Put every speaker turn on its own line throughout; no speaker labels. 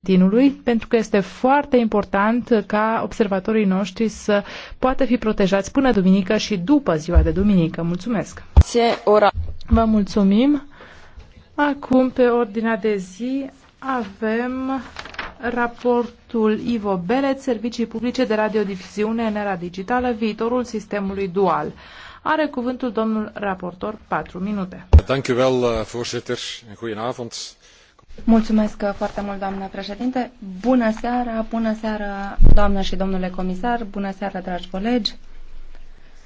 Dinului, pentru că este foarte important ca observatorii noștri să poată fi protejați până duminică și după ziua de duminică. Mulțumesc! Ora. Vă mulțumim! Acum, pe ordinea de zi, avem raportul Ivo Belet, Servicii Publice de Radiodifuziune în era digitală, viitorul sistemului dual. Are cuvântul domnul raportor 4 minute.
Thank you well, eh, voorzitter.
Mulțumesc foarte mult, doamnă președinte. Bună seara, bună seara, doamnă și domnule comisar, bună seara, dragi colegi.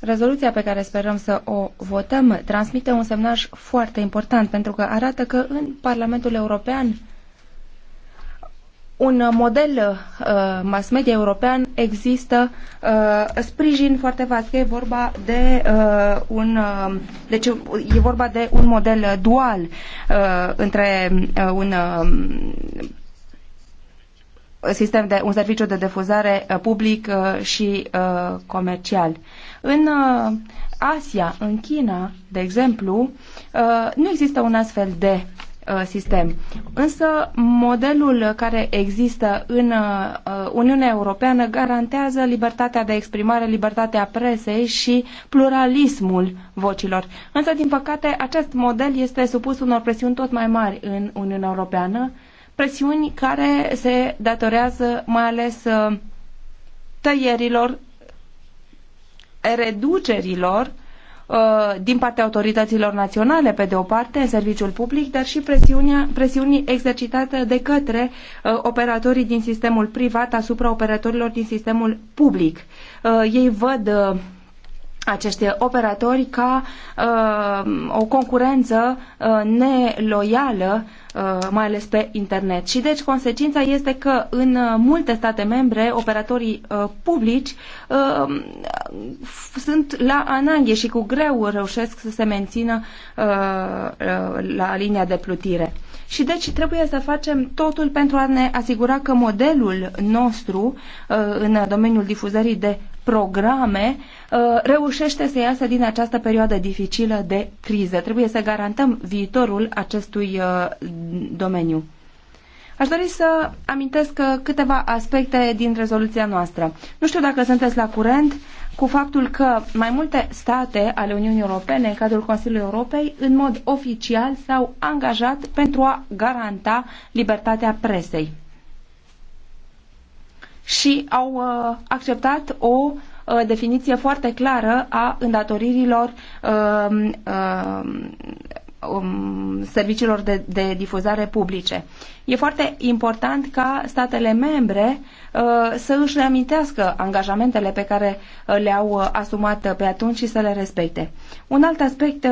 Rezoluția pe care sperăm să o votăm transmite un semnaj foarte important pentru că arată că în Parlamentul European un model uh, mass media european există uh, sprijin foarte vast că e vorba de uh, un deci e vorba de un model dual între un um, sistem de un serviciu de difuzare public și comercial. În Asia, în China, de exemplu, nu există un astfel de Uh, sistem. Însă modelul care există în uh, Uniunea Europeană garantează libertatea de exprimare, libertatea presei și pluralismul vocilor. Însă, din păcate, acest model este supus unor presiuni tot mai mari în Uniunea Europeană, presiuni care se datorează mai ales uh, tăierilor, reducerilor Uh, din partea autorităților naționale, pe de o parte, în serviciul public, dar și presiunea, presiunii exercitate de către uh, operatorii din sistemul privat asupra operatorilor din sistemul public. Uh, ei văd acești operatori ca uh, o concurență uh, neloială, uh, mai ales pe internet. Și deci consecința este că în uh, multe state membre operatorii uh, publici uh, sunt la ananghe și cu greu reușesc să se mențină uh, uh la linia de plutire. Și deci trebuie să facem totul pentru a ne asigura că modelul nostru uh, în domeniul difuzării de programe uh, reușește să iasă din această perioadă dificilă de criză. Trebuie să garantăm viitorul acestui uh, domeniu. Aș dori să amintesc câteva aspecte din rezoluția noastră. Nu știu dacă sunteți la curent, cu faptul că mai multe state ale Uniunii Europene în cadrul Consiliului Europei în mod oficial s-au angajat pentru a garanta libertatea presei și au uh, acceptat o uh, definiție foarte clară a îndatoririlor uh, uh, um, serviciilor de, de difuzare publice. E foarte important ca statele membre uh, să își reamintească angajamentele pe care uh, le-au uh, asumat pe atunci și să le respecte. Un alt aspect uh,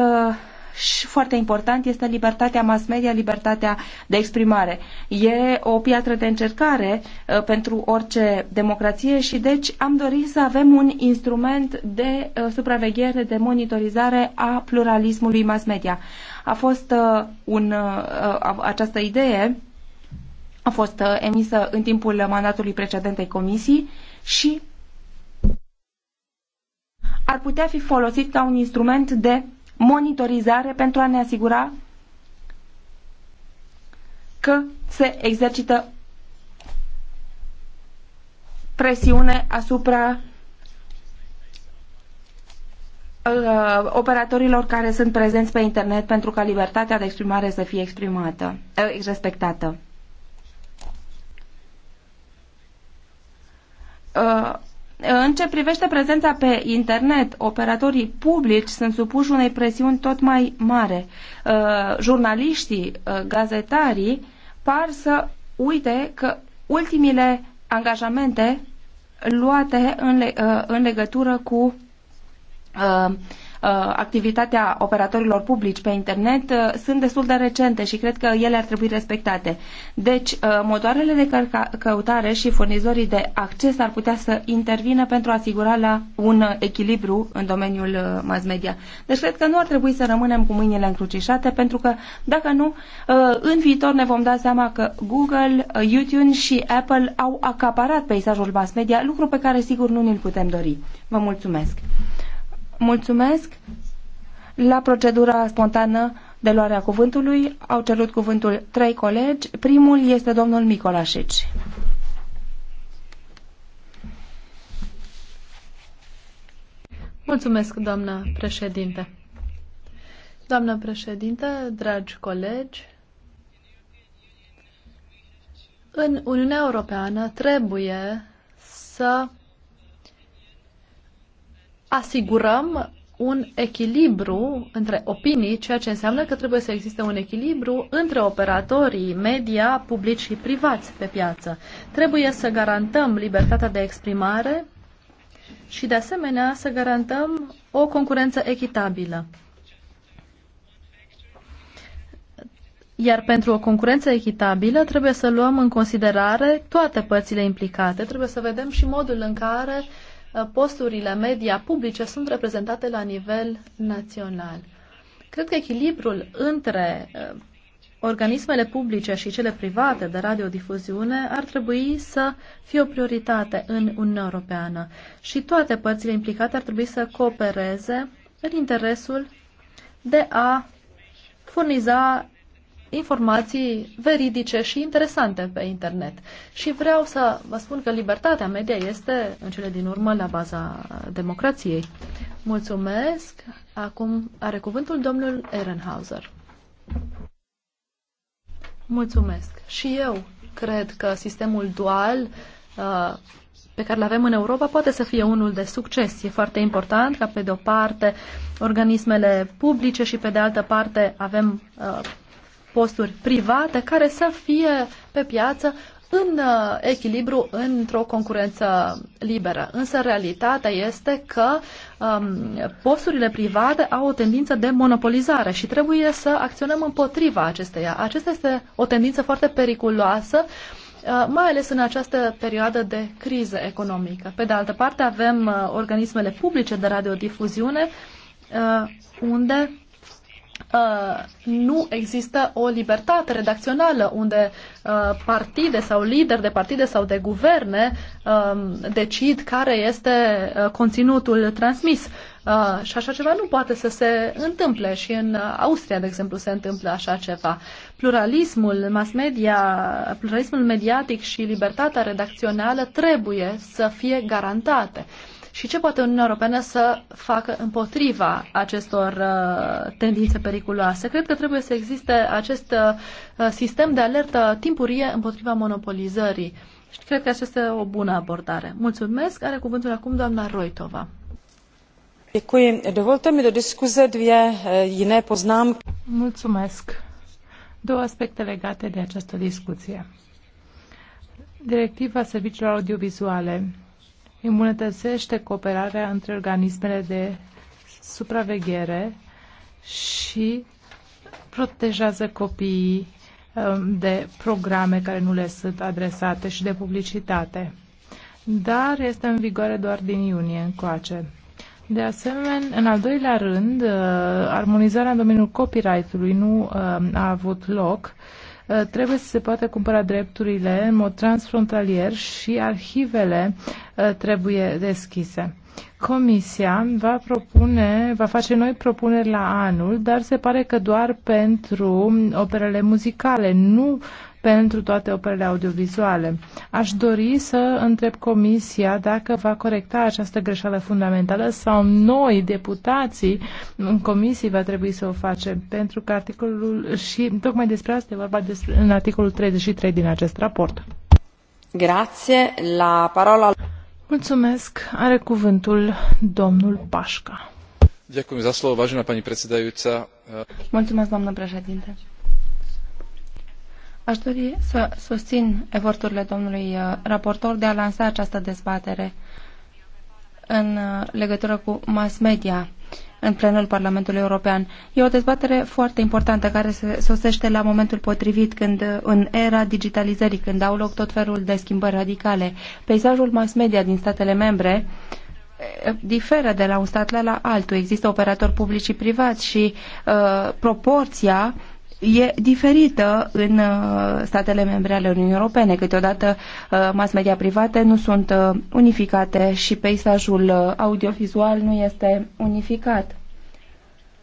și foarte important este libertatea mass media, libertatea de exprimare. E o piatră de încercare uh, pentru orice democrație și deci am dorit să avem un instrument de uh, supraveghere, de monitorizare a pluralismului mass media a fost uh, un, uh, această idee a fost uh, emisă în timpul mandatului precedentei comisii și ar putea fi folosit ca un instrument de monitorizare pentru a ne asigura că se exercită presiune asupra Uh, operatorilor care sunt prezenți pe internet pentru ca libertatea de exprimare să fie exprimată, uh, respectată. Uh, în ce privește prezența pe internet, operatorii publici sunt supuși unei presiuni tot mai mare. Jurnaliștii, gazetarii par să uite că ultimile angajamente luate în, legătură cu Uh, uh, activitatea operatorilor publici pe internet uh, sunt destul de recente și cred că ele ar trebui respectate. Deci, motoarele de căutare și furnizorii de acces ar putea să intervină pentru a asigura la un echilibru în domeniul mass media. Deci, cred că nu ar trebui să rămânem cu mâinile încrucișate, pentru că, dacă nu, în viitor ne vom da seama că Google, YouTube și Apple au acaparat peisajul mass media, lucru pe care sigur nu ne-l putem dori. Vă mulțumesc! Mulțumesc. La procedura spontană de luarea cuvântului au cerut cuvântul trei colegi. Primul este domnul Micolașici.
Mulțumesc, doamnă președinte. Doamnă președinte, dragi colegi, în Uniunea Europeană trebuie să asigurăm un echilibru între opinii, ceea ce înseamnă că trebuie să existe un echilibru între operatorii media, publici și privați pe piață. Trebuie să garantăm libertatea de exprimare și, de asemenea, să garantăm o concurență echitabilă. Iar pentru o concurență echitabilă trebuie să luăm în considerare toate părțile implicate. Trebuie să vedem și modul în care uh, posturile media publice sunt reprezentate la nivel național. Cred că echilibrul între uh, organismele publice și cele private de radiodifuziune ar trebui să fie o prioritate în Uniunea Europeană și toate părțile implicate ar trebui să coopereze în interesul de a furniza informații veridice și interesante pe internet. Și vreau să vă spun că libertatea media este, în cele din urmă, la baza democrației. Mulțumesc. Acum are cuvântul domnul Ehrenhauser. Mulțumesc. Și eu cred că sistemul dual uh, pe care îl avem în Europa poate să fie unul de succes. E foarte important ca pe de o parte organismele publice și pe de altă parte avem uh, posturi private care să fie pe piață în uh, echilibru, într-o concurență liberă. Însă realitatea este că um, posturile private au o tendință de monopolizare și trebuie să acționăm împotriva acesteia. Acesta este o tendință foarte periculoasă uh, mai ales în această perioadă de criză economică. Pe de altă parte, avem uh, organismele publice de radiodifuziune unde Uh, nu există o libertate redacțională unde uh, partide sau lideri de partide sau de guverne uh, decid care este uh, conținutul transmis. Uh, și așa ceva nu poate să se întâmple și în Austria, de exemplu, se întâmplă așa ceva. Pluralismul mass media, pluralismul mediatic și libertatea redacțională trebuie să fie garantate și ce poate Uniunea Europeană să facă împotriva acestor uh, tendințe periculoase. Cred că trebuie să existe acest uh, sistem de alertă timpurie împotriva monopolizării. Și cred că aceasta este o bună abordare. Mulțumesc. Are cuvântul acum doamna Roitova. Děkuji. Dovolte mi do diskuze dvě eh, jiné poznámky.
Mulțumesc. Două aspecte legate de această discuție. Directiva serviciilor audiovizuale îmbunătățește cooperarea între organismele de supraveghere și protejează copiii um, de programe care nu le sunt adresate și de publicitate. Dar este în vigoare doar din iunie încoace. De asemenea, în al doilea rând, uh, armonizarea în domeniul copyright-ului nu um, a avut loc Uh, trebuie să se poată cumpăra drepturile în mod transfrontalier și arhivele uh, trebuie deschise. Comisia va propune, va face noi propuneri la anul, dar se pare că doar pentru operele muzicale, nu pentru toate operele audiovizuale. Aș dori să întreb Comisia dacă va corecta această greșeală fundamentală sau noi, deputații, în comisii va trebui să o facem, pentru că articolul și tocmai despre asta e vorba despre, în articolul 33 din acest raport. Grație. La parola... Mulțumesc. Are cuvântul
domnul Pașca.
pani
Mulțumesc, doamnă președinte. Aș dori să susțin eforturile domnului uh, raportor de a lansa această dezbatere în uh, legătură cu mass media în plenul Parlamentului European. E o dezbatere foarte importantă care se sosește la momentul potrivit când uh, în era digitalizării, când au loc tot felul de schimbări radicale. Peisajul mass media din statele membre diferă de la un stat la, la altul. Există operatori publici și privați și uh, proporția e diferită în uh, statele membre ale Uniunii Europene. Câteodată uh, mass media private nu sunt uh, unificate și peisajul audiovizual nu este unificat.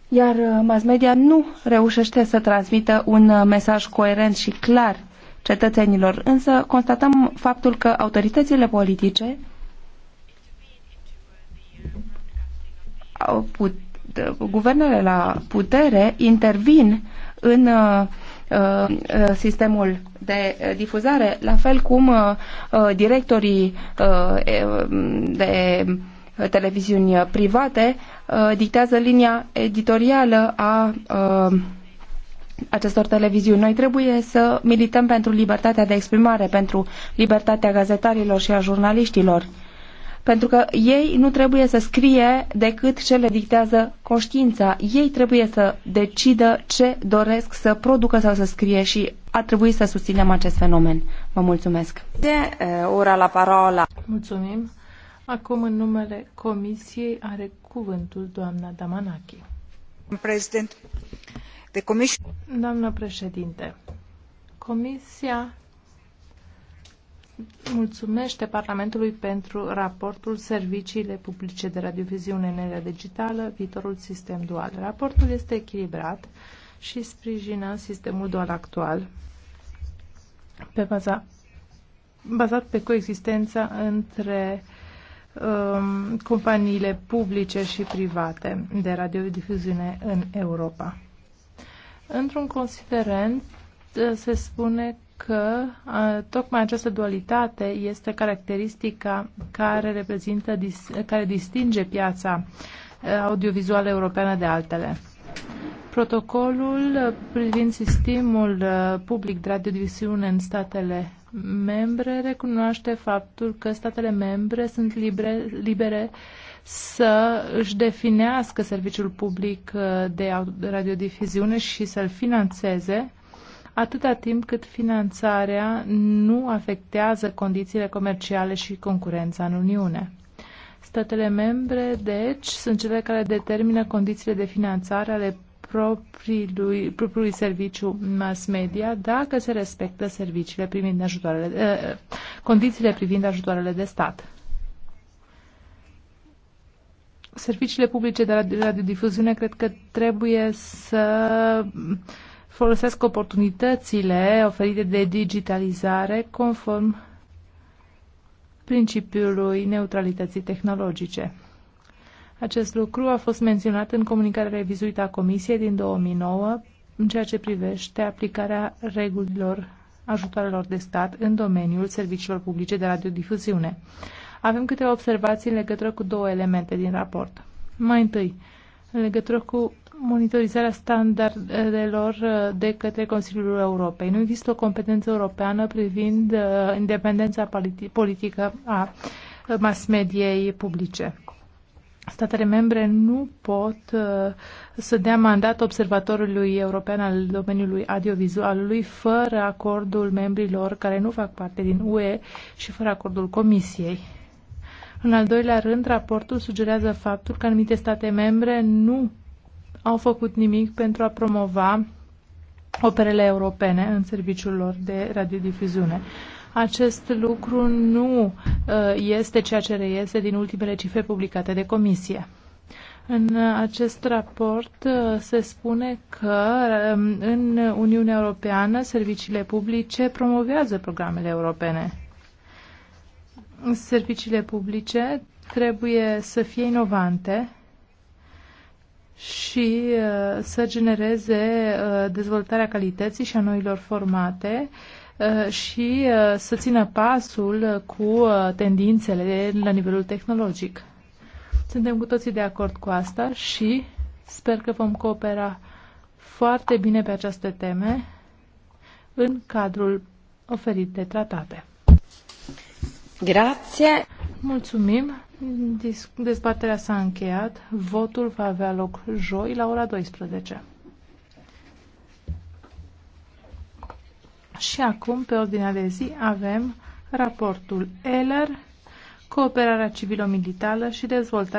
Iar mass media nu reușește să transmită un mesaj coerent și clar cetățenilor, însă constatăm faptul că autoritățile politice au putut guvernele la putere intervin în uh, uh, sistemul de uh, difuzare, la fel cum directorii um, de televiziuni private dictează linia editorială a acestor televiziuni. Noi trebuie să milităm pentru libertatea de exprimare, pentru libertatea gazetarilor și a jurnaliștilor pentru că ei nu trebuie să scrie decât ce le dictează conștiința. Ei trebuie să decidă ce doresc să producă sau să scrie și a trebuit să susținem acest fenomen. Vă mulțumesc. De uh, ora la parola.
Mulțumim. Acum, în numele Comisiei, are cuvântul doamna Damanachi. President, the commission... Doamna președinte, Comisia mulțumește Parlamentului pentru raportul Serviciile publice de radioviziune în era digitală, viitorul sistem dual. Raportul este echilibrat și sprijină sistemul dual actual pe baza, bazat pe coexistența între um, companiile publice și private de radiodifuziune în Europa. Într-un considerent se spune că a, tocmai această dualitate este caracteristica care reprezintă, dis, care distinge piața audiovizuală europeană de altele. Protocolul privind sistemul public de radiodifuziune în statele membre recunoaște faptul că statele membre sunt libre, libere să își definească serviciul public de radiodifuziune și să-l financeze atâta timp cât finanțarea nu afectează condițiile comerciale și concurența în Uniune. Statele membre, deci, sunt cele care determină condițiile de finanțare ale propriului, propriului serviciu mass media dacă se respectă serviciile privind ajutoarele, eh, condițiile privind ajutoarele de stat. Serviciile publice de radiodifuziune cred că trebuie să folosesc oportunitățile oferite de digitalizare conform principiului neutralității tehnologice. Acest lucru a fost menționat în comunicarea revizuită a Comisiei din 2009 în ceea ce privește aplicarea regulilor ajutoarelor de stat în domeniul serviciilor publice de radiodifuziune. Avem câteva observații în legătură cu două elemente din raport. Mai întâi, în legătură cu monitorizarea standardelor uh, de către Consiliul Europei. Nu există o competență europeană privind uh, independența politică a uh, mass mediei publice. Statele membre nu pot să dea mandat observatorului european al domeniului audiovizualului fără acordul membrilor care nu fac parte din UE și fără acordul Comisiei. În al doilea rând, raportul sugerează faptul că anumite state membre nu au făcut nimic pentru a promova operele europene în serviciul lor de radiodifuziune. Acest lucru nu uh, este ceea ce reiese din ultimele cifre publicate de comisie. În acest raport uh, se spune că um, în Uniunea Europeană serviciile publice promovează programele europene. Serviciile publice trebuie să fie inovante, și uh, să genereze uh, dezvoltarea calității și a noilor formate uh, și să țină pasul cu tendințele la nivelul tehnologic. Suntem cu toții de acord cu asta și sper că vom coopera foarte bine pe aceste teme în cadrul oferit de tratate. Grazie! Mulțumim! Dezbaterea s-a încheiat. Votul va avea loc joi la ora 12. Și acum, pe ordinea de zi, avem raportul Eller, cooperarea civilo-militară și dezvoltarea